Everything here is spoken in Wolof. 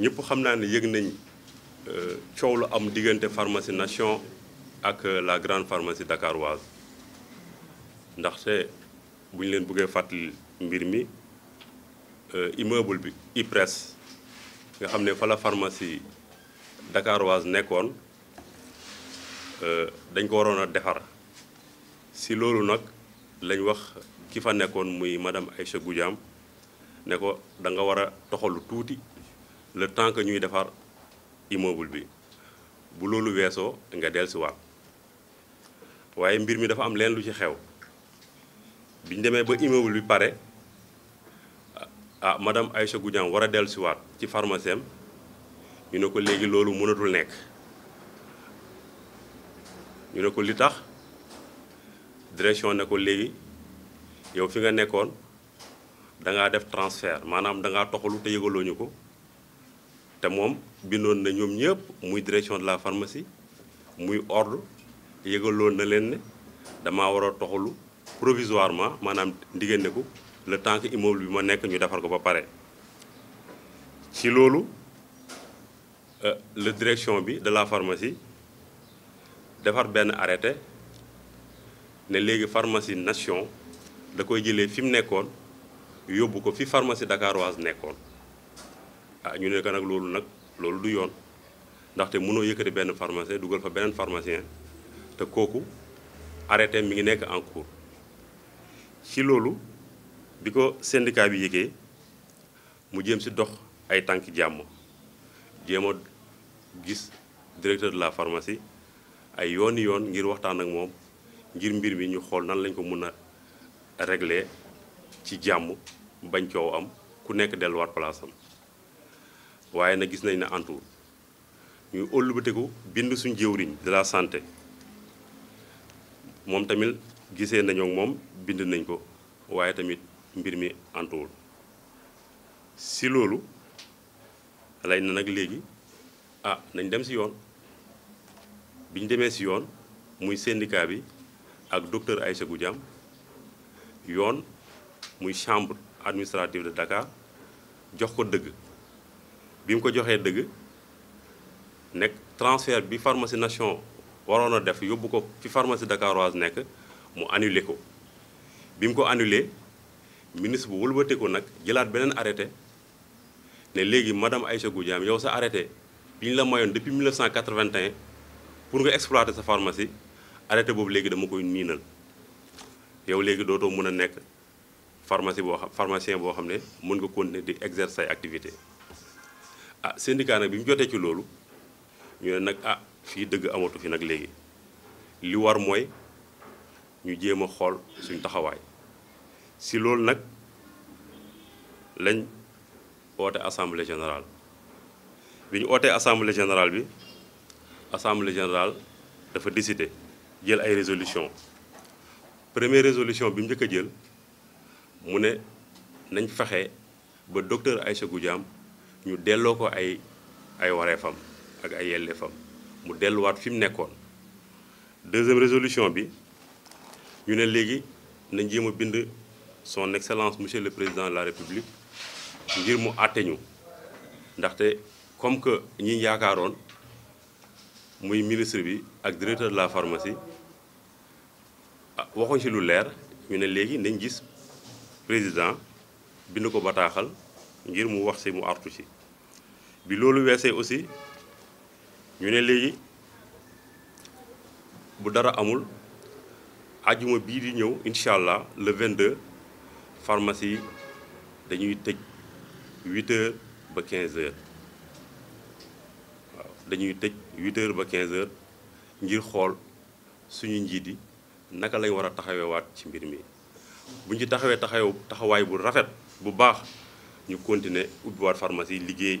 ñëpp xam naa ne yëg nañ euh, coow lu am diggante pharmacie nation ak euh, la grande pharmacie dakaroise ndaxte buñ leen buggee fàttali mbir mi euh, immeuble bi IPRES nga xam ne fa la pharmacie dakaroise nekkoon dañ ko waroon a defar si loolu nag lañ wax ki fa nekkoon muy madame Aïcha Goudiam ne ko da nga war a toxalu tuuti le temps que ñuy defar immeuble bi bu loolu weesoo nga dellusiwaat waaye mbir mi dafa am leen lu ci xew biñ demee ba immeuble bi pare ah madame Aïcha Goudiam war a dellusiwaat ci pharmacie ñu ne ko léegi loolu mënatul nekk ñu ne ko li tax direction ne ko léegi yow fi nga nekkoon da ngaa def transfert maanaam da ngaa toxalu te yëgaloo ko. te moom bindoon na ñoom ñëpp muy direction de la pharmacie muy ordre yëgaloon na leen ne damaa war a toxalu provisoirement maanaam ndiggandeku le temps que immeuble bi ma nekk ñu defar ko ba pare. ci loolu euh, le direction bi de la pharmacie defar benn arrêté ne léegi pharmacie nation da koy jëlee fi mu nekkoon yóbbu ko fi pharmacie dakaroise nekkoon. ah ñu ne ko nag loolu nag loolu du yoon ndaxte mënoo yëkkati benn pharmacien dugal fa beneen pharmacien te kooku arrêté mi ngi nekk en cours ci loolu bi ko syndicat bi yëgee mu si dox ay tànk jàmm jéem a gis directeur de la pharmacie ay yooni yoon ngir waxtaan ak moom ngir mbir mi ñu xool nan lañ ko mun a régler ci jàmm bañ coow am ku nekk delluwaat place am waaye nag gis nañ ne antuur ñu ëllëbatiku bind suñ jëwriñ de la santé moom tamit gisee nañoo moom bind nañ ko waaye tamit mbir mi antuwul si loolu lay na nag léegi ah nañ dem si yoon bi ñu demee ci yoon muy syndicat bi ak docteur Aïssa Goudiam yoon muy chambre administrative de Dakar jox ko dëgg bi mu ko joxee dëgg nekk transfert bi pharmacie nation waroon a def yóbbu ko fi pharmacie dakaroise nekk mu annulé ko bi mu ko annulé ministre bu wëlbatee ko nag jëlaat beneen arrêté ne léegi madame Aïcha Goudiam yow sa arrêté bi ñu la mayoon depuis 1981 pour nga exploité sa pharmacie arrêté boobu léegi dama koy niinal yow léegi dootoo mën a nekk pharmacie boo xam pharmacien boo xam ne mën nga continuer di exercer say activité ah syndicat nag bi mu jotee ci loolu ñu ne nag ah fii dëgg amatu fi nag léegi li war mooy ñu jéem a xool suñ taxawaay si loolu nag lañ oote assemblée générale bi ñu ootee assemblée générale bi assemblée générale dafa décider jël ay résolution première résolution bi mu njëkk a jël mu ne nañ fexe ba docteur Aïssatou Diam ñu delloo ko ay ay wareefam ak ay yelleefam mu delluwaat fi mu nekkoon deuxième résolution bi ñu ne léegi nañ jéem a bind son excellence monsieur le président de la république ngir mu àtte ñu ndaxte comme que ñi yaakaaroon muy ministre bi ak directeur de la pharmacie ah, waxuñ ci lu leer ñu ne léegi nañ gis président bind ko bataaxal ngir mu wax ci mu artu ci bi loolu weesee aussi ñu ne léegi bu dara amul ajuma bii di ñëw incha allah le 22 pharmacie yi dañuy tëj 8 heures ba 15 heures waaw dañuy tëj 8 ba 15 heures ngir xool suñu njiit yi naka lañ war a taxawewaat ci mbir mi buñ ci taxawee taxaw taxawaay bu rafet bu baax ñu continuer ubbiwaat pharmacie liggéey.